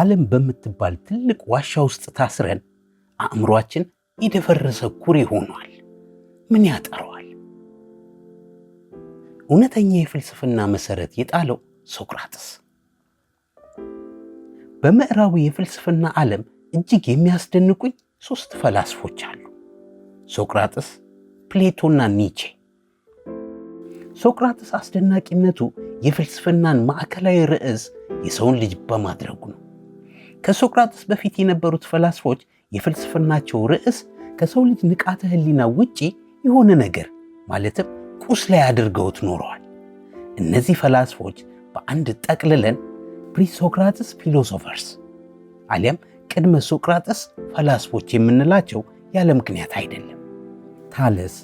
ዓለም በምትባል ትልቅ ዋሻ ውስጥ ታስረን አእምሯችን የደፈረሰ ኩሬ ሆኗል። ምን ያጠረዋል? እውነተኛ የፍልስፍና መሰረት የጣለው ሶቅራጥስ በምዕራቡ የፍልስፍና ዓለም እጅግ የሚያስደንቁኝ ሶስት ፈላስፎች አሉ። ሶቅራጥስ፣ ፕሌቶና ኒቼ። ሶቅራጥስ አስደናቂነቱ የፍልስፍናን ማዕከላዊ ርዕስ የሰውን ልጅ በማድረጉ ነው። ከሶቅራጥስ በፊት የነበሩት ፈላስፎች የፍልስፍናቸው ርዕስ ከሰው ልጅ ንቃተ ህሊና ውጪ የሆነ ነገር ማለትም ቁስ ላይ አድርገውት ኖረዋል። እነዚህ ፈላስፎች በአንድ ጠቅልለን ፕሪሶክራትስ ፊሎሶፈርስ አሊያም ቅድመ ሶቅራጥስ ፈላስፎች የምንላቸው ያለ ምክንያት አይደለም። ታለስ፣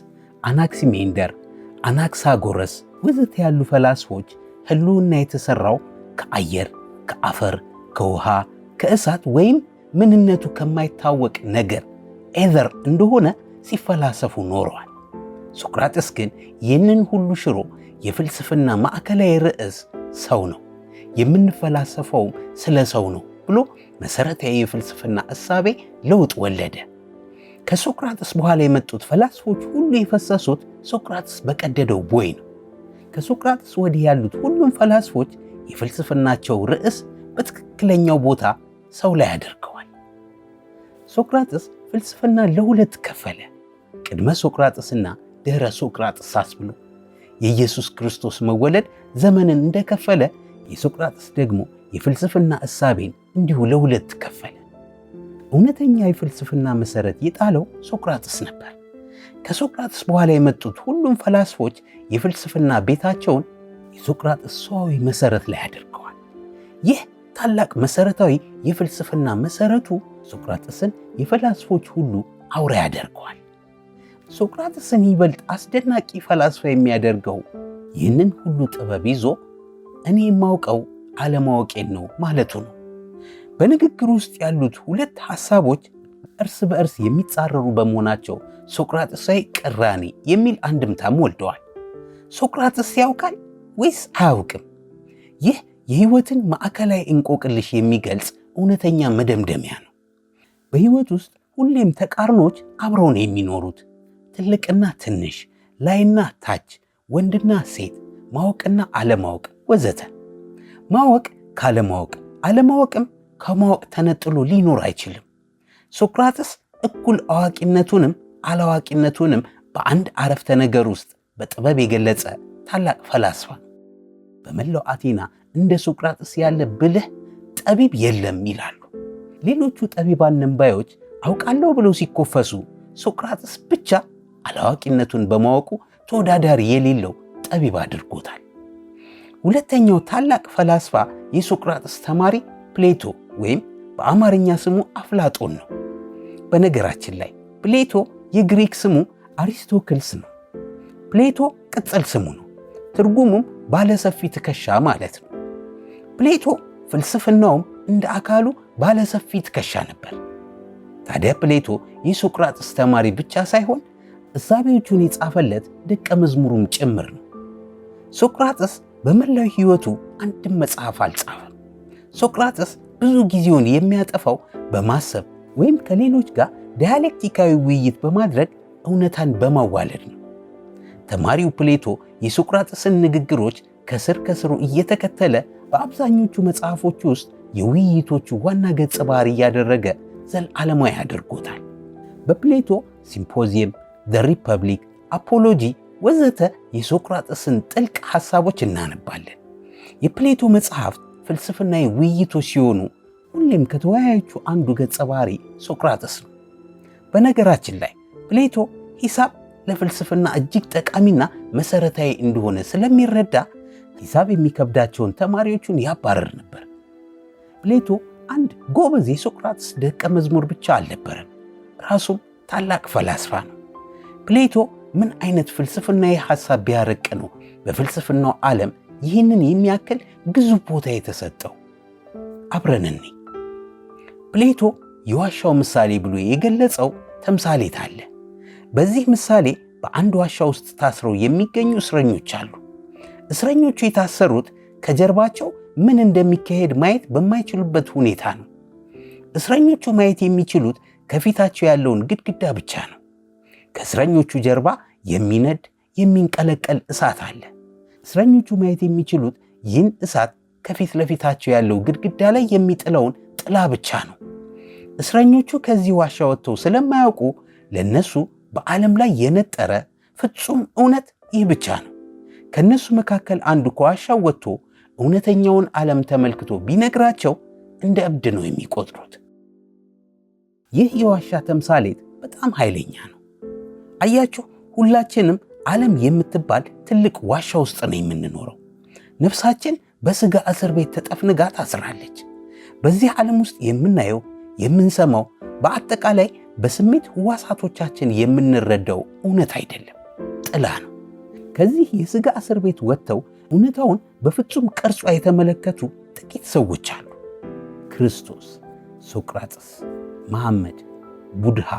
አናክሲሜንደር፣ አናክሳጎረስ ወዘተ ያሉ ፈላስፎች ህልውና የተሰራው ከአየር፣ ከአፈር፣ ከውሃ ከእሳት ወይም ምንነቱ ከማይታወቅ ነገር ኤዘር እንደሆነ ሲፈላሰፉ ኖረዋል። ሶቅራጥስ ግን ይህንን ሁሉ ሽሮ የፍልስፍና ማዕከላዊ ርዕስ ሰው ነው፣ የምንፈላሰፈውም ስለ ሰው ነው ብሎ መሠረታዊ የፍልስፍና እሳቤ ለውጥ ወለደ። ከሶቅራጥስ በኋላ የመጡት ፈላስፎች ሁሉ የፈሰሱት ሶቅራጥስ በቀደደው ቦይ ነው። ከሶቅራጥስ ወዲህ ያሉት ሁሉም ፈላስፎች የፍልስፍናቸው ርዕስ በትክክለኛው ቦታ ሰው ላይ አድርገዋል። ሶቅራጥስ ፍልስፍና ለሁለት ከፈለ። ቅድመ ሶቅራጥስና ድኅረ ሶቅራጥሳስ ብሎ የኢየሱስ ክርስቶስ መወለድ ዘመንን እንደከፈለ የሶቅራጥስ ደግሞ የፍልስፍና እሳቤን እንዲሁ ለሁለት ከፈለ። እውነተኛ የፍልስፍና መሰረት የጣለው ሶቅራጥስ ነበር። ከሶቅራጥስ በኋላ የመጡት ሁሉም ፈላስፎች የፍልስፍና ቤታቸውን የሶቅራጥስ ሰዋዊ መሰረት ላይ አድርገዋል። ይህ ታላቅ መሰረታዊ የፍልስፍና መሰረቱ ሶቅራጥስን የፈላስፎች ሁሉ አውራ ያደርገዋል። ሶቅራጥስን ይበልጥ አስደናቂ ፈላስፋ የሚያደርገው ይህንን ሁሉ ጥበብ ይዞ እኔ የማውቀው አለማወቄን ነው ማለቱ ነው። በንግግር ውስጥ ያሉት ሁለት ሐሳቦች እርስ በእርስ የሚጻረሩ በመሆናቸው ሶቅራጥሳዊ ቅራኔ የሚል አንድምታም ወልደዋል። ሶቅራጥስ ያውቃል ወይስ አያውቅም? ይህ የህይወትን ማዕከላዊ እንቆቅልሽ የሚገልጽ እውነተኛ መደምደሚያ ነው። በህይወት ውስጥ ሁሌም ተቃርኖች አብረው ነው የሚኖሩት። ትልቅና ትንሽ፣ ላይና ታች፣ ወንድና ሴት፣ ማወቅና አለማወቅ ወዘተ። ማወቅ ካለማወቅ፣ አለማወቅም ከማወቅ ተነጥሎ ሊኖር አይችልም። ሶክራትስ እኩል አዋቂነቱንም አላዋቂነቱንም በአንድ አረፍተ ነገር ውስጥ በጥበብ የገለጸ ታላቅ ፈላስፋ በመላው አቴና እንደ ሶቅራጥስ ያለ ብልህ ጠቢብ የለም ይላሉ። ሌሎቹ ጠቢባን ነንባዮች አውቃለሁ ብለው ሲኮፈሱ፣ ሶቅራጥስ ብቻ አላዋቂነቱን በማወቁ ተወዳዳሪ የሌለው ጠቢብ አድርጎታል። ሁለተኛው ታላቅ ፈላስፋ የሶቅራጥስ ተማሪ ፕሌቶ ወይም በአማርኛ ስሙ አፍላጦን ነው። በነገራችን ላይ ፕሌቶ የግሪክ ስሙ አሪስቶክልስ ነው። ፕሌቶ ቅጽል ስሙ ነው። ትርጉሙም ባለሰፊ ትከሻ ማለት ነው። ፕሌቶ ፍልስፍናውም እንደ አካሉ ባለሰፊ ትከሻ ነበር። ታዲያ ፕሌቶ የሶቅራጥስ ተማሪ ብቻ ሳይሆን እሳቤዎቹን የጻፈለት ደቀ መዝሙሩም ጭምር ነው። ሶቅራጥስ በመላው ሕይወቱ አንድም መጽሐፍ አልጻፈም። ሶቅራጥስ ብዙ ጊዜውን የሚያጠፋው በማሰብ ወይም ከሌሎች ጋር ዳያሌክቲካዊ ውይይት በማድረግ እውነታን በማዋለድ ነው። ተማሪው ፕሌቶ የሶቅራጥስን ንግግሮች ከስር ከስሩ እየተከተለ በአብዛኞቹ መጽሐፎች ውስጥ የውይይቶቹ ዋና ገጸ ባህሪ እያደረገ ዘለዓለማዊ አድርጎታል። በፕሌቶ ሲምፖዚየም፣ ዘ ሪፐብሊክ፣ አፖሎጂ ወዘተ የሶቅራጥስን ጥልቅ ሐሳቦች እናነባለን። የፕሌቶ መጽሐፍት ፍልስፍና ውይይቶች ሲሆኑ ሁሌም ከተወያዮቹ አንዱ ገጸ ባህሪ ሶቅራጥስ ነው። በነገራችን ላይ ፕሌቶ ሂሳብ ለፍልስፍና እጅግ ጠቃሚና መሠረታዊ እንደሆነ ስለሚረዳ ሂሳብ የሚከብዳቸውን ተማሪዎቹን ያባረር ነበር። ፕሌቶ አንድ ጎበዝ የሶቅራጥስ ደቀ መዝሙር ብቻ አልነበረም፣ ራሱም ታላቅ ፈላስፋ ነው። ፕሌቶ ምን አይነት ፍልስፍና የሐሳብ ቢያረቅ ነው በፍልስፍናው ዓለም ይህንን የሚያክል ግዙፍ ቦታ የተሰጠው? አብረንኒ ፕሌቶ የዋሻው ምሳሌ ብሎ የገለጸው ተምሳሌት አለ። በዚህ ምሳሌ በአንድ ዋሻ ውስጥ ታስረው የሚገኙ እስረኞች አሉ። እስረኞቹ የታሰሩት ከጀርባቸው ምን እንደሚካሄድ ማየት በማይችሉበት ሁኔታ ነው። እስረኞቹ ማየት የሚችሉት ከፊታቸው ያለውን ግድግዳ ብቻ ነው። ከእስረኞቹ ጀርባ የሚነድ የሚንቀለቀል እሳት አለ። እስረኞቹ ማየት የሚችሉት ይህን እሳት ከፊት ለፊታቸው ያለው ግድግዳ ላይ የሚጥለውን ጥላ ብቻ ነው። እስረኞቹ ከዚህ ዋሻ ወጥተው ስለማያውቁ ለነሱ በዓለም ላይ የነጠረ ፍጹም እውነት ይህ ብቻ ነው። ከእነሱ መካከል አንዱ ከዋሻው ወጥቶ እውነተኛውን ዓለም ተመልክቶ ቢነግራቸው እንደ እብድ ነው የሚቆጥሩት። ይህ የዋሻ ተምሳሌት በጣም ኃይለኛ ነው። አያችሁ፣ ሁላችንም ዓለም የምትባል ትልቅ ዋሻ ውስጥ ነው የምንኖረው። ነፍሳችን በሥጋ እስር ቤት ተጠፍንጋ ታስራለች። በዚህ ዓለም ውስጥ የምናየው፣ የምንሰማው፣ በአጠቃላይ በስሜት ዋሳቶቻችን የምንረዳው እውነት አይደለም፣ ጥላ ነው። ከዚህ የሥጋ እስር ቤት ወጥተው እውነታውን በፍጹም ቅርጿ የተመለከቱ ጥቂት ሰዎች አሉ። ክርስቶስ፣ ሶቅራጥስ፣ መሐመድ፣ ቡድሃ፣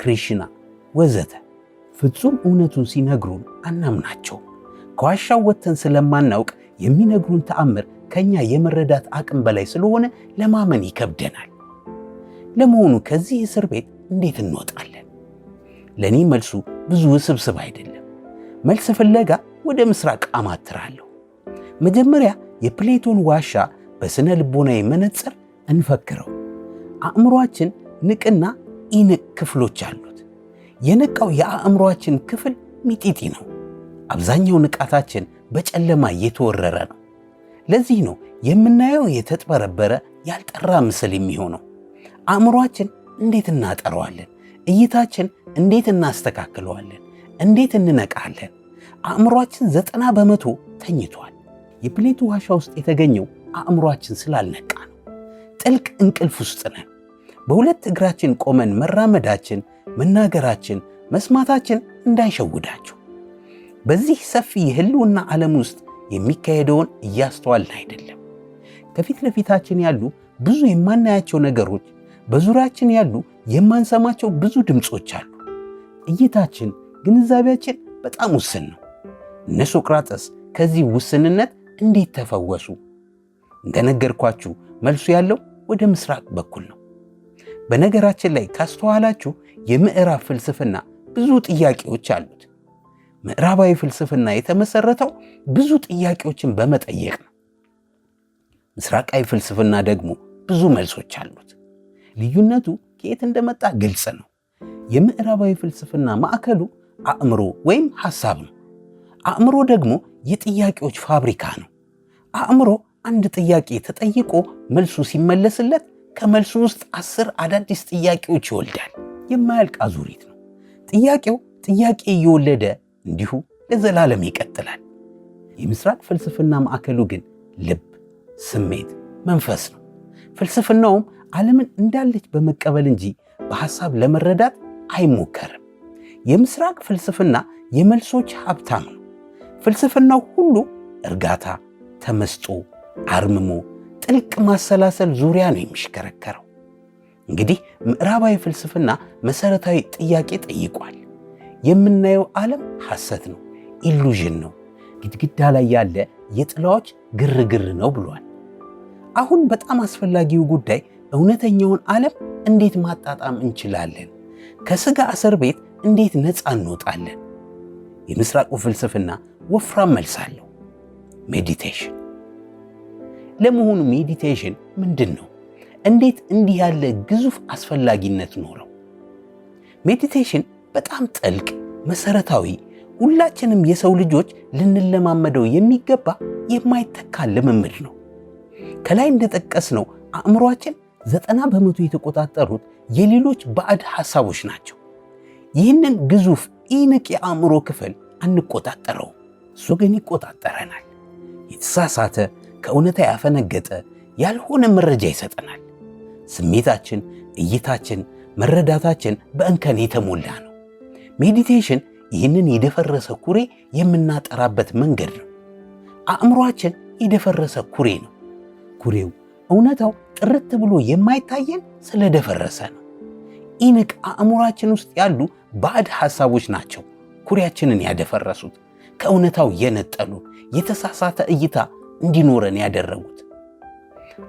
ክሪሽና ወዘተ ፍጹም እውነቱን ሲነግሩን አናምናቸው። ከዋሻው ወጥተን ስለማናውቅ የሚነግሩን ተአምር ከኛ የመረዳት አቅም በላይ ስለሆነ ለማመን ይከብደናል። ለመሆኑ ከዚህ እስር ቤት እንዴት እንወጣለን? ለእኔ መልሱ ብዙ ውስብስብ አይደለም። መልስ ፍለጋ ወደ ምስራቅ አማትራለሁ። መጀመሪያ የፕሌቶን ዋሻ በስነ ልቦናዊ መነጽር እንፈክረው። አእምሯችን ንቅና ኢንቅ ክፍሎች አሉት። የነቃው የአእምሯችን ክፍል ሚጢጢ ነው። አብዛኛው ንቃታችን በጨለማ እየተወረረ ነው። ለዚህ ነው የምናየው የተጥበረበረ ያልጠራ ምስል የሚሆነው። አእምሯችን እንዴት እናጠረዋለን? እይታችን እንዴት እናስተካክለዋለን? እንዴት እንነቃለን? አእምሯችን ዘጠና በመቶ ተኝቷል። የፕሌቱ ዋሻ ውስጥ የተገኘው አእምሯችን ስላልነቃ ነው። ጥልቅ እንቅልፍ ውስጥ ነን። በሁለት እግራችን ቆመን መራመዳችን፣ መናገራችን፣ መስማታችን እንዳይሸውዳችሁ። በዚህ ሰፊ የህልውና ዓለም ውስጥ የሚካሄደውን እያስተዋልን አይደለም። ከፊት ለፊታችን ያሉ ብዙ የማናያቸው ነገሮች፣ በዙሪያችን ያሉ የማንሰማቸው ብዙ ድምፆች አሉ። እይታችን ግንዛቤያችን በጣም ውስን ነው። እነ ሶቅራጠስ ከዚህ ውስንነት እንዴት ተፈወሱ? እንደነገርኳችሁ መልሱ ያለው ወደ ምስራቅ በኩል ነው። በነገራችን ላይ ካስተዋላችሁ የምዕራብ ፍልስፍና ብዙ ጥያቄዎች አሉት። ምዕራባዊ ፍልስፍና የተመሰረተው ብዙ ጥያቄዎችን በመጠየቅ ነው። ምስራቃዊ ፍልስፍና ደግሞ ብዙ መልሶች አሉት። ልዩነቱ ከየት እንደመጣ ግልጽ ነው። የምዕራባዊ ፍልስፍና ማዕከሉ አእምሮ ወይም ሐሳብ ነው። አእምሮ ደግሞ የጥያቄዎች ፋብሪካ ነው። አእምሮ አንድ ጥያቄ ተጠይቆ መልሱ ሲመለስለት ከመልሱ ውስጥ አስር አዳዲስ ጥያቄዎች ይወልዳል። የማያልቅ አዙሪት ነው። ጥያቄው ጥያቄ እየወለደ እንዲሁ ለዘላለም ይቀጥላል። የምስራቅ ፍልስፍና ማዕከሉ ግን ልብ፣ ስሜት፣ መንፈስ ነው። ፍልስፍናውም ዓለምን እንዳለች በመቀበል እንጂ በሐሳብ ለመረዳት አይሞከርም። የምስራቅ ፍልስፍና የመልሶች ሀብታም ነው። ፍልስፍናው ሁሉ እርጋታ፣ ተመስጦ፣ አርምሞ፣ ጥልቅ ማሰላሰል ዙሪያ ነው የሚሽከረከረው። እንግዲህ ምዕራባዊ ፍልስፍና መሰረታዊ ጥያቄ ጠይቋል። የምናየው ዓለም ሐሰት ነው፣ ኢሉዥን ነው፣ ግድግዳ ላይ ያለ የጥላዎች ግርግር ነው ብሏል። አሁን በጣም አስፈላጊው ጉዳይ እውነተኛውን ዓለም እንዴት ማጣጣም እንችላለን? ከሥጋ እስር ቤት እንዴት ነፃ እንወጣለን? የምስራቁ ፍልስፍና ወፍራም መልስ አለው። ሜዲቴሽን። ለመሆኑ ሜዲቴሽን ምንድን ነው? እንዴት እንዲህ ያለ ግዙፍ አስፈላጊነት ኖረው? ሜዲቴሽን በጣም ጥልቅ፣ መሰረታዊ፣ ሁላችንም የሰው ልጆች ልንለማመደው የሚገባ የማይተካ ልምምድ ነው። ከላይ እንደጠቀስነው አእምሯችን ዘጠና በመቶ የተቆጣጠሩት የሌሎች ባዕድ ሐሳቦች ናቸው። ይህንን ግዙፍ ኢንቅ የአእምሮ ክፍል አንቆጣጠረው። እሱ ግን ይቆጣጠረናል። የተሳሳተ ከእውነታ ያፈነገጠ ያልሆነ መረጃ ይሰጠናል። ስሜታችን፣ እይታችን፣ መረዳታችን በእንከን የተሞላ ነው። ሜዲቴሽን ይህንን የደፈረሰ ኩሬ የምናጠራበት መንገድ ነው። አእምሯችን የደፈረሰ ኩሬ ነው። ኩሬው እውነታው ጥርት ብሎ የማይታየን ስለደፈረሰ ነው። ኢንቅ አእምሯችን ውስጥ ያሉ ባዕድ ሐሳቦች ናቸው ኩሪያችንን ያደፈረሱት፣ ከእውነታው የነጠሉ የተሳሳተ እይታ እንዲኖረን ያደረጉት።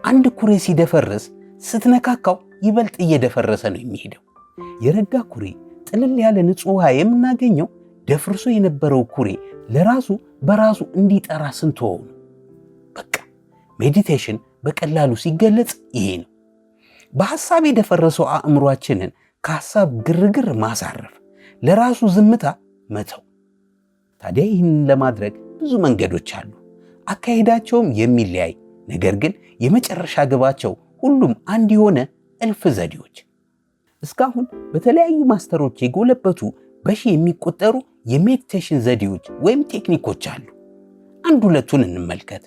አንድ ኩሬ ሲደፈርስ ስትነካካው ይበልጥ እየደፈረሰ ነው የሚሄደው። የረጋ ኩሬ ጥልል ያለ ንጹሕ ውሃ የምናገኘው ደፍርሶ የነበረው ኩሬ ለራሱ በራሱ እንዲጠራ ስንተወው ነው። በቃ ሜዲቴሽን በቀላሉ ሲገለጽ ይሄ ነው። በሐሳብ የደፈረሰው አእምሯችንን ከሀሳብ ግርግር ማሳረፍ፣ ለራሱ ዝምታ መተው። ታዲያ ይህንን ለማድረግ ብዙ መንገዶች አሉ። አካሄዳቸውም የሚለያይ ነገር ግን የመጨረሻ ግባቸው ሁሉም አንድ የሆነ እልፍ ዘዴዎች። እስካሁን በተለያዩ ማስተሮች የጎለበቱ በሺ የሚቆጠሩ የሜዲቴሽን ዘዴዎች ወይም ቴክኒኮች አሉ። አንድ ሁለቱን እንመልከት።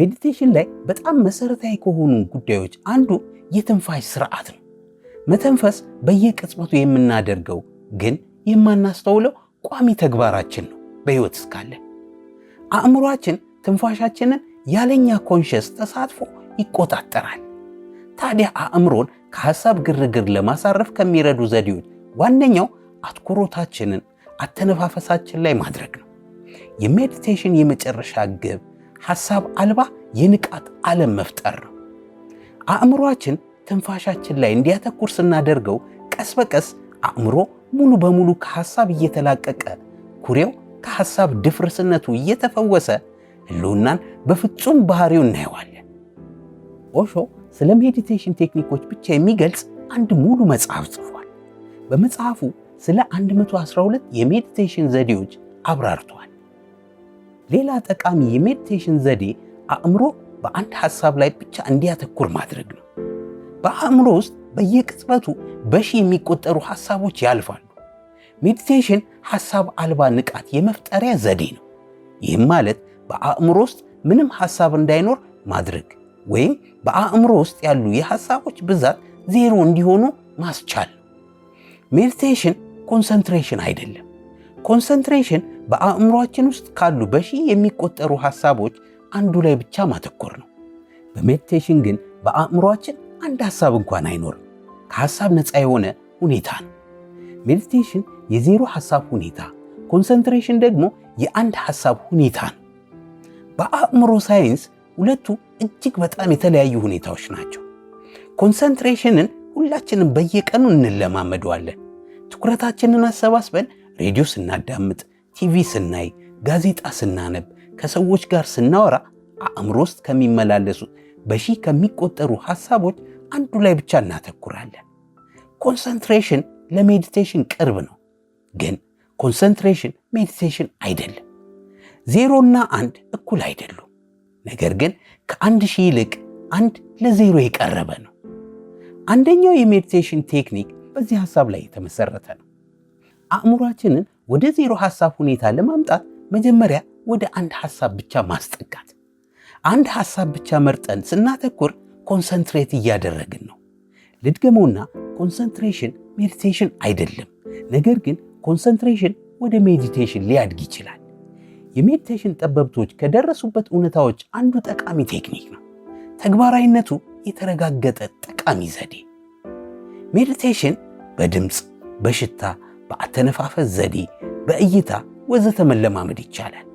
ሜዲቴሽን ላይ በጣም መሰረታዊ ከሆኑ ጉዳዮች አንዱ የትንፋሽ ስርዓት ነው። መተንፈስ በየቅጽበቱ የምናደርገው ግን የማናስተውለው ቋሚ ተግባራችን ነው። በሕይወት እስካለ አእምሯችን ትንፋሻችንን ያለኛ ኮንሽስ ተሳትፎ ይቆጣጠራል። ታዲያ አእምሮን ከሐሳብ ግርግር ለማሳረፍ ከሚረዱ ዘዴዎች ዋነኛው አትኩሮታችንን አተነፋፈሳችን ላይ ማድረግ ነው። የሜዲቴሽን የመጨረሻ ግብ ሐሳብ አልባ የንቃት ዓለም መፍጠር ነው። አእምሯችን ትንፋሻችን ላይ እንዲያተኩር ስናደርገው ቀስ በቀስ አእምሮ ሙሉ በሙሉ ከሐሳብ እየተላቀቀ ኩሬው ከሐሳብ ድፍርስነቱ እየተፈወሰ ህልውናን በፍጹም ባህሪው እናየዋለን። ኦሾ ስለ ሜዲቴሽን ቴክኒኮች ብቻ የሚገልጽ አንድ ሙሉ መጽሐፍ ጽፏል። በመጽሐፉ ስለ 112 የሜዲቴሽን ዘዴዎች አብራርተዋል። ሌላ ጠቃሚ የሜዲቴሽን ዘዴ አእምሮ በአንድ ሐሳብ ላይ ብቻ እንዲያተኩር ማድረግ ነው። በአእምሮ ውስጥ በየቅጽበቱ በሺ የሚቆጠሩ ሐሳቦች ያልፋሉ። ሜዲቴሽን ሐሳብ አልባ ንቃት የመፍጠሪያ ዘዴ ነው። ይህም ማለት በአእምሮ ውስጥ ምንም ሐሳብ እንዳይኖር ማድረግ ወይም በአእምሮ ውስጥ ያሉ የሐሳቦች ብዛት ዜሮ እንዲሆኑ ማስቻል ሜዲቴሽን ኮንሰንትሬሽን አይደለም። ኮንሰንትሬሽን በአእምሯችን ውስጥ ካሉ በሺ የሚቆጠሩ ሐሳቦች አንዱ ላይ ብቻ ማተኮር ነው። በሜዲቴሽን ግን በአእምሯችን አንድ ሐሳብ እንኳን አይኖርም። ከሐሳብ ነፃ የሆነ ሁኔታ ነው። ሜዲቴሽን የዜሮ ሐሳብ ሁኔታ፣ ኮንሰንትሬሽን ደግሞ የአንድ ሐሳብ ሁኔታ ነው። በአእምሮ ሳይንስ ሁለቱ እጅግ በጣም የተለያዩ ሁኔታዎች ናቸው። ኮንሰንትሬሽንን ሁላችንም በየቀኑ እንለማመደዋለን። ትኩረታችንን አሰባስበን ሬዲዮ ስናዳምጥ፣ ቲቪ ስናይ፣ ጋዜጣ ስናነብ፣ ከሰዎች ጋር ስናወራ አእምሮ ውስጥ ከሚመላለሱ በሺህ ከሚቆጠሩ ሐሳቦች አንዱ ላይ ብቻ እናተኩራለን። ኮንሰንትሬሽን ለሜዲቴሽን ቅርብ ነው፣ ግን ኮንሰንትሬሽን ሜዲቴሽን አይደለም። ዜሮ እና አንድ እኩል አይደሉም። ነገር ግን ከአንድ ሺህ ይልቅ አንድ ለዜሮ የቀረበ ነው። አንደኛው የሜዲቴሽን ቴክኒክ በዚህ ሐሳብ ላይ የተመሰረተ ነው። አእምሯችንን ወደ ዜሮ ሐሳብ ሁኔታ ለማምጣት መጀመሪያ ወደ አንድ ሐሳብ ብቻ ማስጠጋት። አንድ ሐሳብ ብቻ መርጠን ስናተኩር ኮንሰንትሬት እያደረግን ነው። ልድገመውና ኮንሰንትሬሽን ሜዲቴሽን አይደለም። ነገር ግን ኮንሰንትሬሽን ወደ ሜዲቴሽን ሊያድግ ይችላል። የሜዲቴሽን ጠበብቶች ከደረሱበት እውነታዎች አንዱ ጠቃሚ ቴክኒክ ነው። ተግባራዊነቱ የተረጋገጠ ጠቃሚ ዘዴ። ሜዲቴሽን በድምፅ፣ በሽታ፣ በአተነፋፈስ ዘዴ፣ በእይታ ወዘተ መለማመድ ይቻላል።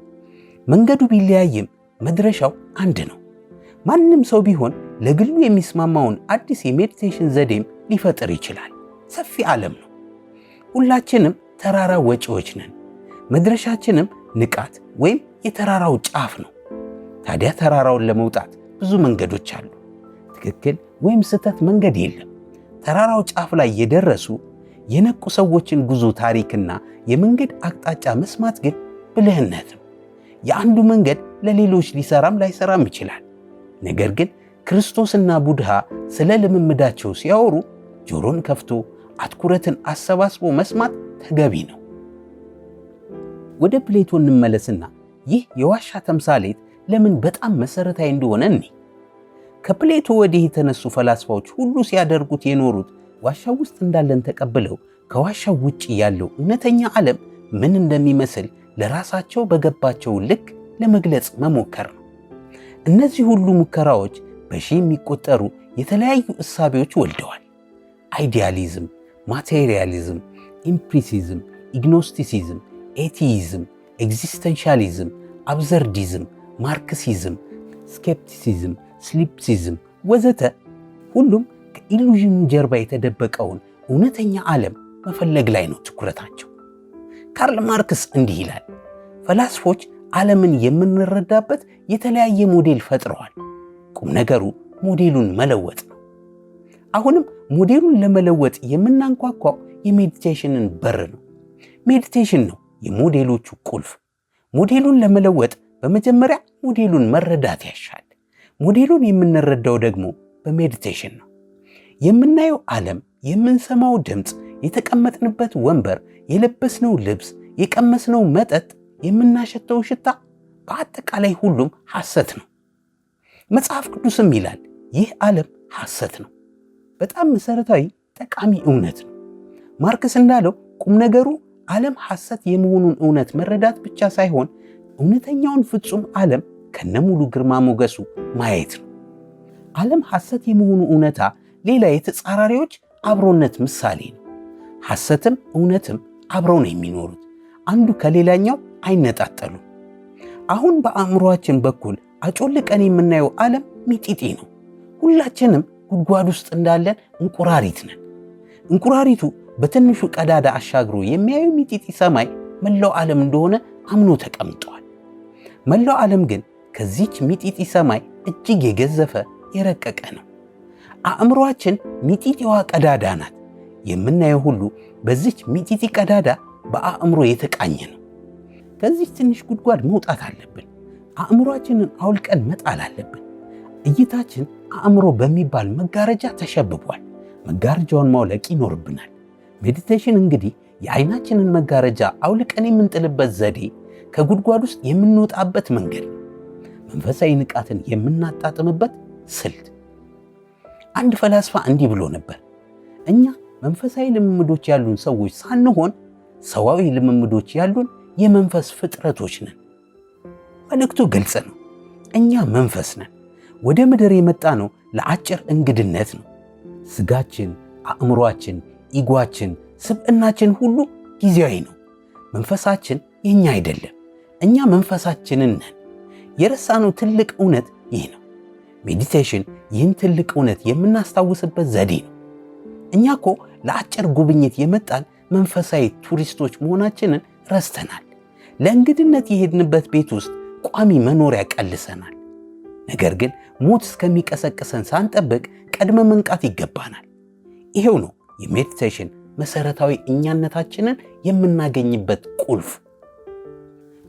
መንገዱ ቢለያይም መድረሻው አንድ ነው። ማንም ሰው ቢሆን ለግሉ የሚስማማውን አዲስ የሜዲቴሽን ዘዴም ሊፈጥር ይችላል። ሰፊ ዓለም ነው። ሁላችንም ተራራ ወጪዎች ነን። መድረሻችንም ንቃት ወይም የተራራው ጫፍ ነው። ታዲያ ተራራውን ለመውጣት ብዙ መንገዶች አሉ። ትክክል ወይም ስህተት መንገድ የለም። ተራራው ጫፍ ላይ የደረሱ የነቁ ሰዎችን ጉዞ ታሪክና የመንገድ አቅጣጫ መስማት ግን ብልህነት ነው። የአንዱ መንገድ ለሌሎች ሊሰራም ላይሰራም ይችላል። ነገር ግን ክርስቶስና ቡድሃ ስለ ልምምዳቸው ሲያወሩ ጆሮን ከፍቶ አትኩረትን አሰባስቦ መስማት ተገቢ ነው። ወደ ፕሌቶ እንመለስና ይህ የዋሻ ተምሳሌት ለምን በጣም መሰረታዊ እንደሆነ እኔ ከፕሌቶ ወዲህ የተነሱ ፈላስፋዎች ሁሉ ሲያደርጉት የኖሩት ዋሻው ውስጥ እንዳለን ተቀብለው ከዋሻው ውጭ ያለው እውነተኛ ዓለም ምን እንደሚመስል ለራሳቸው በገባቸው ልክ ለመግለጽ መሞከር ነው። እነዚህ ሁሉ ሙከራዎች በሺ የሚቆጠሩ የተለያዩ እሳቤዎች ወልደዋል። አይዲያሊዝም፣ ማቴሪያሊዝም፣ ኢምፕሪሲዝም፣ ኢግኖስቲሲዝም፣ ኤቲይዝም፣ ኤግዚስተንሻሊዝም፣ አብዘርዲዝም፣ ማርክሲዝም፣ ስኬፕቲሲዝም፣ ስሊፕሲዝም ወዘተ ሁሉም ከኢሉዥኑ ጀርባ የተደበቀውን እውነተኛ ዓለም መፈለግ ላይ ነው ትኩረታቸው። ካርል ማርክስ እንዲህ ይላል፣ ፈላስፎች ዓለምን የምንረዳበት የተለያየ ሞዴል ፈጥረዋል ቁም ነገሩ ሞዴሉን መለወጥ ነው። አሁንም ሞዴሉን ለመለወጥ የምናንኳኳው የሜዲቴሽንን በር ነው። ሜዲቴሽን ነው የሞዴሎቹ ቁልፍ። ሞዴሉን ለመለወጥ በመጀመሪያ ሞዴሉን መረዳት ያሻል። ሞዴሉን የምንረዳው ደግሞ በሜዲቴሽን ነው። የምናየው ዓለም፣ የምንሰማው ድምፅ፣ የተቀመጥንበት ወንበር፣ የለበስነው ልብስ፣ የቀመስነው መጠጥ፣ የምናሸተው ሽታ፣ በአጠቃላይ ሁሉም ሐሰት ነው። መጽሐፍ ቅዱስም ይላል ይህ ዓለም ሐሰት ነው። በጣም መሰረታዊ ጠቃሚ እውነት ነው። ማርክስ እንዳለው ቁም ነገሩ ዓለም ሐሰት የመሆኑን እውነት መረዳት ብቻ ሳይሆን እውነተኛውን ፍጹም ዓለም ከነሙሉ ግርማ ሞገሱ ማየት ነው። ዓለም ሐሰት የመሆኑ እውነታ ሌላ የተጻራሪዎች አብሮነት ምሳሌ ነው። ሐሰትም እውነትም አብረው ነው የሚኖሩት። አንዱ ከሌላኛው አይነጣጠሉም። አሁን በአእምሯችን በኩል አጮልቀን የምናየው ዓለም ሚጢጢ ነው። ሁላችንም ጉድጓድ ውስጥ እንዳለን እንቁራሪት ነን። እንቁራሪቱ በትንሹ ቀዳዳ አሻግሮ የሚያዩ ሚጢጢ ሰማይ መላው ዓለም እንደሆነ አምኖ ተቀምጠዋል። መላው ዓለም ግን ከዚች ሚጢጢ ሰማይ እጅግ የገዘፈ የረቀቀ ነው። አእምሯችን ሚጢጢዋ ቀዳዳ ናት። የምናየው ሁሉ በዚች ሚጢጢ ቀዳዳ በአእምሮ የተቃኘ ነው። ከዚች ትንሽ ጉድጓድ መውጣት አለብን። አእምሯችንን አውልቀን መጣል አለብን። እይታችን አእምሮ በሚባል መጋረጃ ተሸብቧል። መጋረጃውን ማውለቅ ይኖርብናል። ሜዲቴሽን እንግዲህ የአይናችንን መጋረጃ አውልቀን የምንጥልበት ዘዴ፣ ከጉድጓድ ውስጥ የምንወጣበት መንገድ፣ መንፈሳዊ ንቃትን የምናጣጥምበት ስልት። አንድ ፈላስፋ እንዲህ ብሎ ነበር፣ እኛ መንፈሳዊ ልምምዶች ያሉን ሰዎች ሳንሆን ሰዋዊ ልምምዶች ያሉን የመንፈስ ፍጥረቶች ነን። መልእክቱ ግልጽ ነው። እኛ መንፈስ ነን። ወደ ምድር የመጣ ነው ለአጭር እንግድነት ነው። ስጋችን፣ አእምሯችን፣ ኢጓችን፣ ስብዕናችን ሁሉ ጊዜያዊ ነው። መንፈሳችን የእኛ አይደለም። እኛ መንፈሳችንን ነን። የረሳነው ትልቅ እውነት ይህ ነው። ሜዲቴሽን ይህን ትልቅ እውነት የምናስታውስበት ዘዴ ነው። እኛ እኮ ለአጭር ጉብኝት የመጣን መንፈሳዊ ቱሪስቶች መሆናችንን ረስተናል። ለእንግድነት የሄድንበት ቤት ውስጥ ቋሚ መኖሪያ ቀልሰናል። ነገር ግን ሞት እስከሚቀሰቅሰን ሳንጠብቅ ቀድመ መንቃት ይገባናል። ይሄው ነው የሜዲቴሽን መሰረታዊ እኛነታችንን የምናገኝበት ቁልፍ።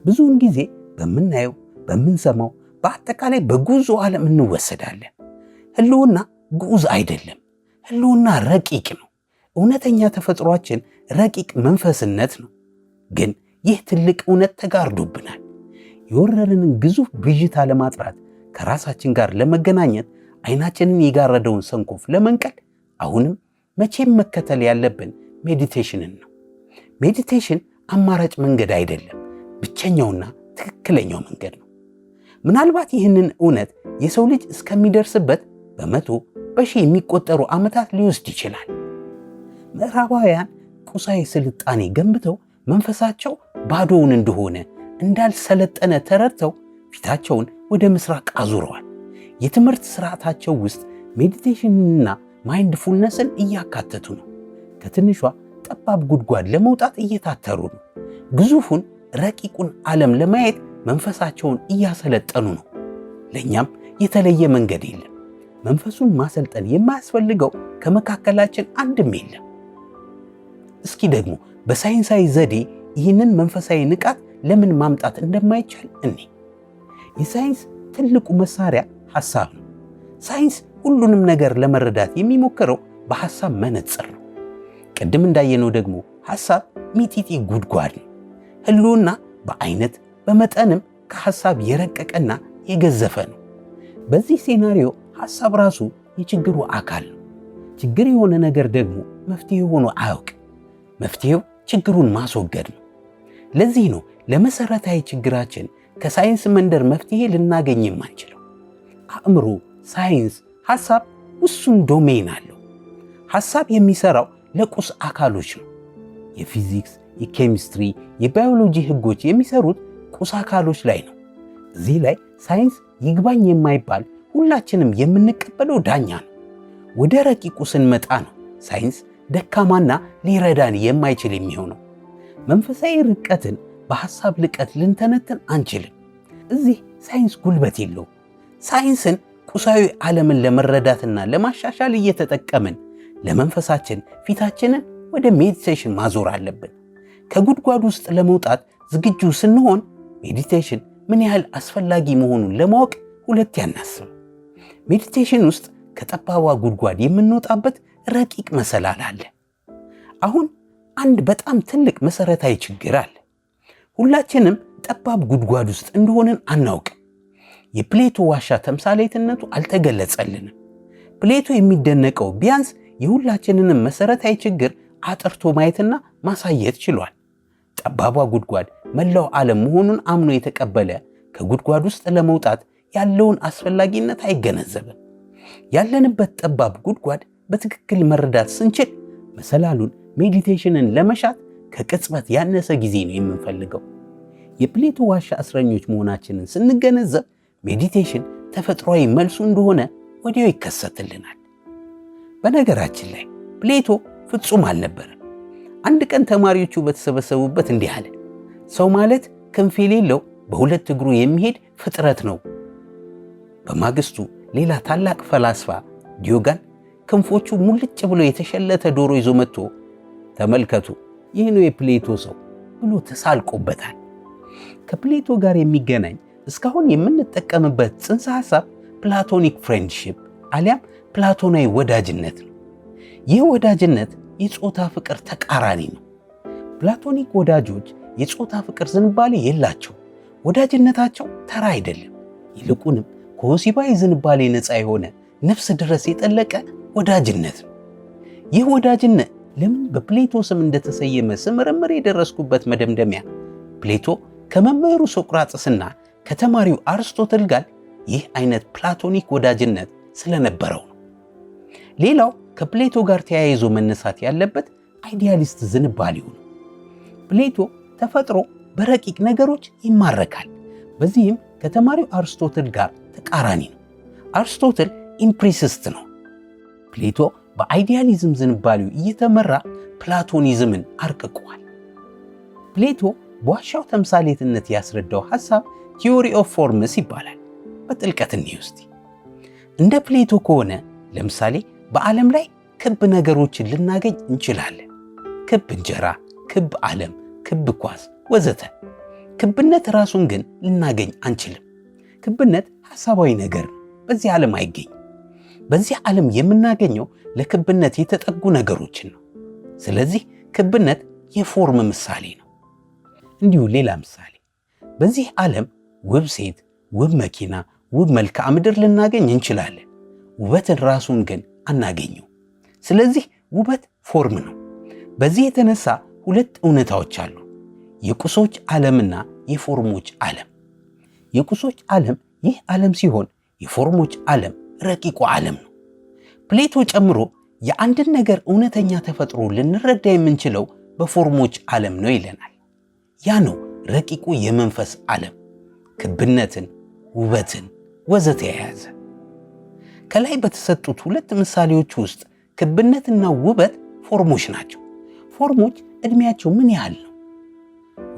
ብዙውን ጊዜ በምናየው፣ በምንሰማው፣ በአጠቃላይ በጉዞ ዓለም እንወሰዳለን። ህልውና ግዑዝ አይደለም። ህልውና ረቂቅ ነው። እውነተኛ ተፈጥሯችን ረቂቅ መንፈስነት ነው። ግን ይህ ትልቅ እውነት ተጋርዶብናል። የወረደንን ግዙፍ ብዥታ ለማጥራት ከራሳችን ጋር ለመገናኘት አይናችንን የጋረደውን ሰንኮፍ ለመንቀል አሁንም መቼም መከተል ያለብን ሜዲቴሽንን ነው። ሜዲቴሽን አማራጭ መንገድ አይደለም፣ ብቸኛውና ትክክለኛው መንገድ ነው። ምናልባት ይህንን እውነት የሰው ልጅ እስከሚደርስበት በመቶ በሺህ የሚቆጠሩ ዓመታት ሊወስድ ይችላል። ምዕራባውያን ቁሳዊ ስልጣኔ ገንብተው መንፈሳቸው ባዶውን እንደሆነ እንዳልሰለጠነ ተረድተው ፊታቸውን ወደ ምስራቅ አዙረዋል። የትምህርት ስርዓታቸው ውስጥ ሜዲቴሽንና ማይንድፉልነስን እያካተቱ ነው። ከትንሿ ጠባብ ጉድጓድ ለመውጣት እየታተሩ ነው። ግዙፉን ረቂቁን ዓለም ለማየት መንፈሳቸውን እያሰለጠኑ ነው። ለእኛም የተለየ መንገድ የለም። መንፈሱን ማሰልጠን የማያስፈልገው ከመካከላችን አንድም የለም። እስኪ ደግሞ በሳይንሳዊ ዘዴ ይህንን መንፈሳዊ ንቃት ለምን ማምጣት እንደማይቻል እኔ የሳይንስ ትልቁ መሳሪያ ሐሳብ ነው። ሳይንስ ሁሉንም ነገር ለመረዳት የሚሞክረው በሐሳብ መነጽር ነው። ቅድም እንዳየነው ደግሞ ሐሳብ ሚጢጢ ጉድጓድ ነው። ህልውና በአይነት በመጠንም ከሐሳብ የረቀቀና የገዘፈ ነው። በዚህ ሴናሪዮ ሐሳብ ራሱ የችግሩ አካል ነው። ችግር የሆነ ነገር ደግሞ መፍትሄ ሆኖ አያውቅ። መፍትሄው ችግሩን ማስወገድ ነው። ለዚህ ነው ለመሰረታዊ ችግራችን ከሳይንስ መንደር መፍትሄ ልናገኝ የማንችለው። አእምሮ፣ ሳይንስ፣ ሐሳብ ውሱን ዶሜን አለው። ሐሳብ የሚሰራው ለቁስ አካሎች ነው። የፊዚክስ፣ የኬሚስትሪ፣ የባዮሎጂ ህጎች የሚሰሩት ቁስ አካሎች ላይ ነው። እዚህ ላይ ሳይንስ ይግባኝ የማይባል ሁላችንም የምንቀበለው ዳኛ ነው። ወደ ረቂቁ ስንመጣ ነው ሳይንስ ደካማና ሊረዳን የማይችል የሚሆነው። መንፈሳዊ ርቀትን በሐሳብ ልቀት ልንተነትን አንችልም። እዚህ ሳይንስ ጉልበት የለው። ሳይንስን ቁሳዊ ዓለምን ለመረዳትና ለማሻሻል እየተጠቀምን ለመንፈሳችን ፊታችንን ወደ ሜዲቴሽን ማዞር አለብን። ከጉድጓድ ውስጥ ለመውጣት ዝግጁ ስንሆን ሜዲቴሽን ምን ያህል አስፈላጊ መሆኑን ለማወቅ ሁለት ያናስብ። ሜዲቴሽን ውስጥ ከጠባቧ ጉድጓድ የምንወጣበት ረቂቅ መሰላል አለ። አሁን አንድ በጣም ትልቅ መሰረታዊ ችግር አለ። ሁላችንም ጠባብ ጉድጓድ ውስጥ እንደሆንን አናውቅም። የፕሌቶ ዋሻ ተምሳሌትነቱ አልተገለጸልንም። ፕሌቶ የሚደነቀው ቢያንስ የሁላችንንም መሠረታዊ ችግር አጥርቶ ማየትና ማሳየት ችሏል። ጠባቧ ጉድጓድ መላው ዓለም መሆኑን አምኖ የተቀበለ ከጉድጓድ ውስጥ ለመውጣት ያለውን አስፈላጊነት አይገነዘብም። ያለንበት ጠባብ ጉድጓድ በትክክል መረዳት ስንችል መሰላሉን፣ ሜዲቴሽንን ለመሻት ከቅጽበት ያነሰ ጊዜ ነው የምንፈልገው። የፕሌቶ ዋሻ እስረኞች መሆናችንን ስንገነዘብ ሜዲቴሽን ተፈጥሯዊ መልሱ እንደሆነ ወዲያው ይከሰትልናል። በነገራችን ላይ ፕሌቶ ፍጹም አልነበረም። አንድ ቀን ተማሪዎቹ በተሰበሰቡበት እንዲህ አለ፣ ሰው ማለት ክንፍ የሌለው በሁለት እግሩ የሚሄድ ፍጥረት ነው። በማግስቱ ሌላ ታላቅ ፈላስፋ ዲዮጋን ክንፎቹ ሙልጭ ብሎ የተሸለተ ዶሮ ይዞ መጥቶ ተመልከቱ ይህ ነው የፕሌቶ ሰው ብሎ ተሳልቆበታል። ከፕሌቶ ጋር የሚገናኝ እስካሁን የምንጠቀምበት ጽንሰ ሐሳብ ፕላቶኒክ ፍሬንድሺፕ አሊያም ፕላቶናዊ ወዳጅነት ነው። ይህ ወዳጅነት የጾታ ፍቅር ተቃራኒ ነው። ፕላቶኒክ ወዳጆች የጾታ ፍቅር ዝንባሌ የላቸው። ወዳጅነታቸው ተራ አይደለም። ይልቁንም ከወሲባዊ ዝንባሌ ነፃ የሆነ ነፍስ ድረስ የጠለቀ ወዳጅነት ነው። ይህ ወዳጅነት ለምን በፕሌቶ ስም እንደተሰየመ ስምርምር የደረስኩበት መደምደሚያ ፕሌቶ ከመምህሩ ሶቅራጥስና ከተማሪው አርስቶትል ጋር ይህ አይነት ፕላቶኒክ ወዳጅነት ስለነበረው ነው። ሌላው ከፕሌቶ ጋር ተያይዞ መነሳት ያለበት አይዲያሊስት ዝንባሌው ነው። ፕሌቶ ተፈጥሮ በረቂቅ ነገሮች ይማረካል። በዚህም ከተማሪው አርስቶትል ጋር ተቃራኒ ነው። አርስቶትል ኢምፕሪሲስት ነው። ፕሌቶ በአይዲያሊዝም ዝንባሌው እየተመራ ፕላቶኒዝምን አርቅቋል። ፕሌቶ በዋሻው ተምሳሌትነት ያስረዳው ሐሳብ ቲዮሪ ኦፍ ፎርምስ ይባላል። በጥልቀት እንይ ውስጥ እንደ ፕሌቶ ከሆነ ለምሳሌ በዓለም ላይ ክብ ነገሮችን ልናገኝ እንችላለን። ክብ እንጀራ፣ ክብ ዓለም፣ ክብ ኳስ ወዘተ። ክብነት ራሱን ግን ልናገኝ አንችልም። ክብነት ሐሳባዊ ነገር ነው፣ በዚህ ዓለም አይገኝም። በዚህ ዓለም የምናገኘው ለክብነት የተጠጉ ነገሮችን ነው። ስለዚህ ክብነት የፎርም ምሳሌ ነው። እንዲሁ ሌላ ምሳሌ በዚህ ዓለም ውብ ሴት፣ ውብ መኪና፣ ውብ መልክዓ ምድር ልናገኝ እንችላለን። ውበትን ራሱን ግን አናገኘው። ስለዚህ ውበት ፎርም ነው። በዚህ የተነሳ ሁለት እውነታዎች አሉ፣ የቁሶች ዓለምና የፎርሞች ዓለም። የቁሶች ዓለም ይህ ዓለም ሲሆን የፎርሞች ዓለም ረቂቁ ዓለም ነው። ፕሌቶ ጨምሮ የአንድን ነገር እውነተኛ ተፈጥሮ ልንረዳ የምንችለው በፎርሞች ዓለም ነው ይለናል። ያ ነው ረቂቁ የመንፈስ ዓለም ክብነትን፣ ውበትን ወዘተ የያዘ። ከላይ በተሰጡት ሁለት ምሳሌዎች ውስጥ ክብነትና ውበት ፎርሞች ናቸው። ፎርሞች ዕድሜያቸው ምን ያህል ነው?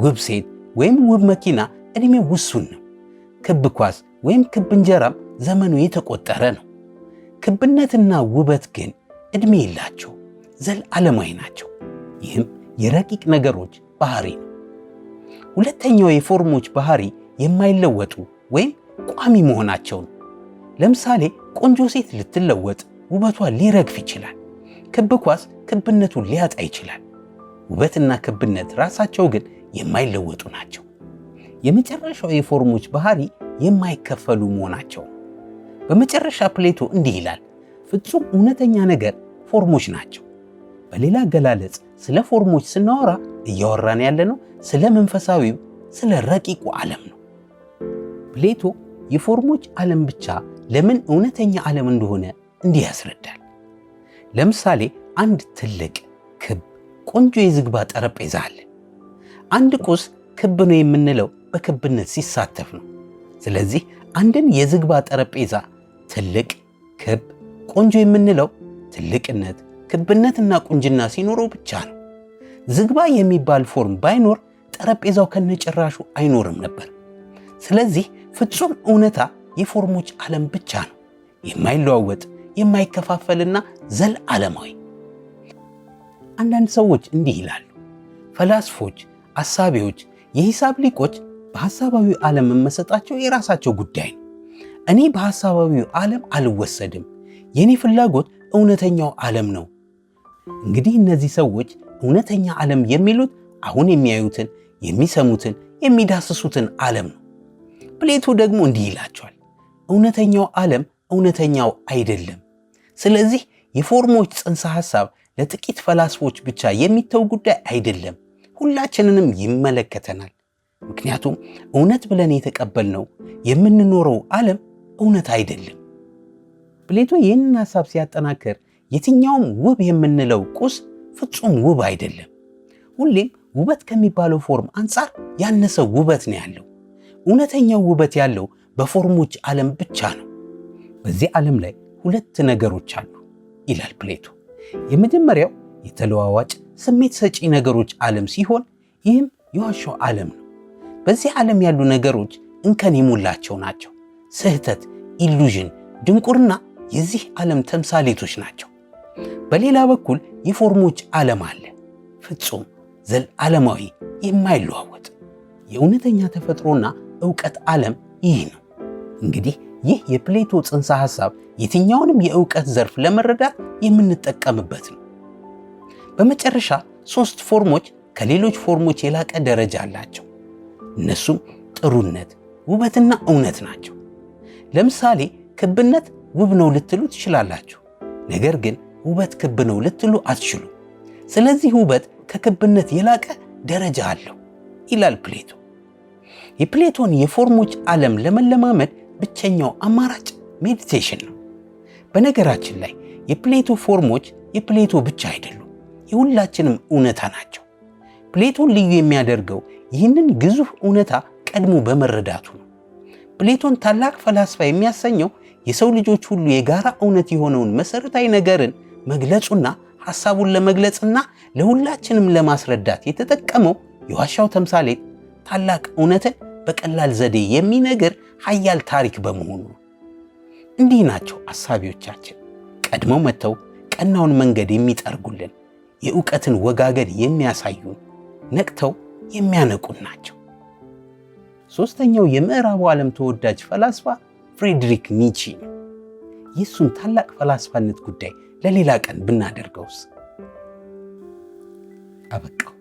ውብ ሴት ወይም ውብ መኪና ዕድሜ ውሱን ነው። ክብ ኳስ ወይም ክብ እንጀራም ዘመኑ የተቆጠረ ነው። ክብነትና ውበት ግን ዕድሜ የላቸው፣ ዘላለማዊ ናቸው። ይህም የረቂቅ ነገሮች ባህሪ ነው። ሁለተኛው የፎርሞች ባህሪ የማይለወጡ ወይም ቋሚ መሆናቸው ነው። ለምሳሌ ቆንጆ ሴት ልትለወጥ፣ ውበቷ ሊረግፍ ይችላል። ክብ ኳስ ክብነቱን ሊያጣ ይችላል። ውበትና ክብነት ራሳቸው ግን የማይለወጡ ናቸው። የመጨረሻው የፎርሞች ባህሪ የማይከፈሉ መሆናቸው። በመጨረሻ ፕሌቶ እንዲህ ይላል፣ ፍጹም እውነተኛ ነገር ፎርሞች ናቸው። በሌላ አገላለጽ ስለ ፎርሞች ስናወራ እያወራን ያለ ነው ስለ መንፈሳዊው ስለ ረቂቁ ዓለም ነው። ፕሌቶ የፎርሞች ዓለም ብቻ ለምን እውነተኛ ዓለም እንደሆነ እንዲህ ያስረዳል። ለምሳሌ አንድ ትልቅ ክብ ቆንጆ የዝግባ ጠረጴዛ አለ። አንድ ቁስ ክብ ነው የምንለው በክብነት ሲሳተፍ ነው። ስለዚህ አንድን የዝግባ ጠረጴዛ ትልቅ ክብ ቆንጆ የምንለው ትልቅነት ክብነትና ቁንጅና ሲኖረው ብቻ ነው። ዝግባ የሚባል ፎርም ባይኖር ጠረጴዛው ከነጭራሹ አይኖርም ነበር። ስለዚህ ፍጹም እውነታ የፎርሞች ዓለም ብቻ ነው፣ የማይለዋወጥ የማይከፋፈልና ዓለማዊ። አንዳንድ ሰዎች እንዲህ ይላሉ፣ ፈላስፎች፣ አሳቢዎች፣ የሂሳብ ሊቆች በሐሳባዊ ዓለም መመሰጣቸው የራሳቸው ጉዳይ ነው። እኔ በሐሳባዊው ዓለም አልወሰድም፣ የኔ ፍላጎት እውነተኛው ዓለም ነው እንግዲህ እነዚህ ሰዎች እውነተኛ ዓለም የሚሉት አሁን የሚያዩትን፣ የሚሰሙትን፣ የሚዳስሱትን ዓለም ነው። ፕሌቶ ደግሞ እንዲህ ይላቸዋል፣ እውነተኛው ዓለም እውነተኛው አይደለም። ስለዚህ የፎርሞች ጽንሰ ሐሳብ ለጥቂት ፈላስፎች ብቻ የሚተው ጉዳይ አይደለም፣ ሁላችንንም ይመለከተናል። ምክንያቱም እውነት ብለን የተቀበልነው የምንኖረው ዓለም እውነት አይደለም። ፕሌቶ ይህንን ሐሳብ ሲያጠናክር የትኛውም ውብ የምንለው ቁስ ፍጹም ውብ አይደለም። ሁሌም ውበት ከሚባለው ፎርም አንጻር ያነሰ ውበት ነው ያለው። እውነተኛው ውበት ያለው በፎርሞች ዓለም ብቻ ነው። በዚህ ዓለም ላይ ሁለት ነገሮች አሉ ይላል ፕሌቶ። የመጀመሪያው የተለዋዋጭ ስሜት ሰጪ ነገሮች ዓለም ሲሆን ይህም የዋሻው ዓለም ነው። በዚህ ዓለም ያሉ ነገሮች እንከን የሞላቸው ናቸው። ስህተት፣ ኢሉዥን፣ ድንቁርና የዚህ ዓለም ተምሳሌቶች ናቸው። በሌላ በኩል የፎርሞች ዓለም አለ፣ ፍጹም ዘለዓለማዊ የማይለዋወጥ የእውነተኛ ተፈጥሮና እውቀት ዓለም ይህ ነው። እንግዲህ ይህ የፕሌቶ ጽንሰ ሐሳብ የትኛውንም የእውቀት ዘርፍ ለመረዳት የምንጠቀምበት ነው። በመጨረሻ ሦስት ፎርሞች ከሌሎች ፎርሞች የላቀ ደረጃ አላቸው። እነሱም ጥሩነት፣ ውበትና እውነት ናቸው። ለምሳሌ ክብነት ውብ ነው ልትሉ ትችላላችሁ። ነገር ግን ውበት ክብ ነው ልትሉ አትችሉ። ስለዚህ ውበት ከክብነት የላቀ ደረጃ አለው ይላል ፕሌቶ። የፕሌቶን የፎርሞች ዓለም ለመለማመድ ብቸኛው አማራጭ ሜዲቴሽን ነው። በነገራችን ላይ የፕሌቶ ፎርሞች የፕሌቶ ብቻ አይደሉም፣ የሁላችንም እውነታ ናቸው። ፕሌቶን ልዩ የሚያደርገው ይህንን ግዙፍ እውነታ ቀድሞ በመረዳቱ ነው። ፕሌቶን ታላቅ ፈላስፋ የሚያሰኘው የሰው ልጆች ሁሉ የጋራ እውነት የሆነውን መሠረታዊ ነገርን መግለጹና ሐሳቡን ለመግለጽና ለሁላችንም ለማስረዳት የተጠቀመው የዋሻው ተምሳሌት ታላቅ እውነትን በቀላል ዘዴ የሚነግር ኃያል ታሪክ በመሆኑ ነው። እንዲህ ናቸው አሳቢዎቻችን ቀድመው መጥተው ቀናውን መንገድ የሚጠርጉልን፣ የእውቀትን ወጋገድ የሚያሳዩን፣ ነቅተው የሚያነቁን ናቸው። ሦስተኛው የምዕራቡ ዓለም ተወዳጅ ፈላስፋ ፍሬድሪክ ኒቺ ነው። የእሱን ታላቅ ፈላስፋነት ጉዳይ ለሌላ ቀን ብናደርገውስ? አበቃው።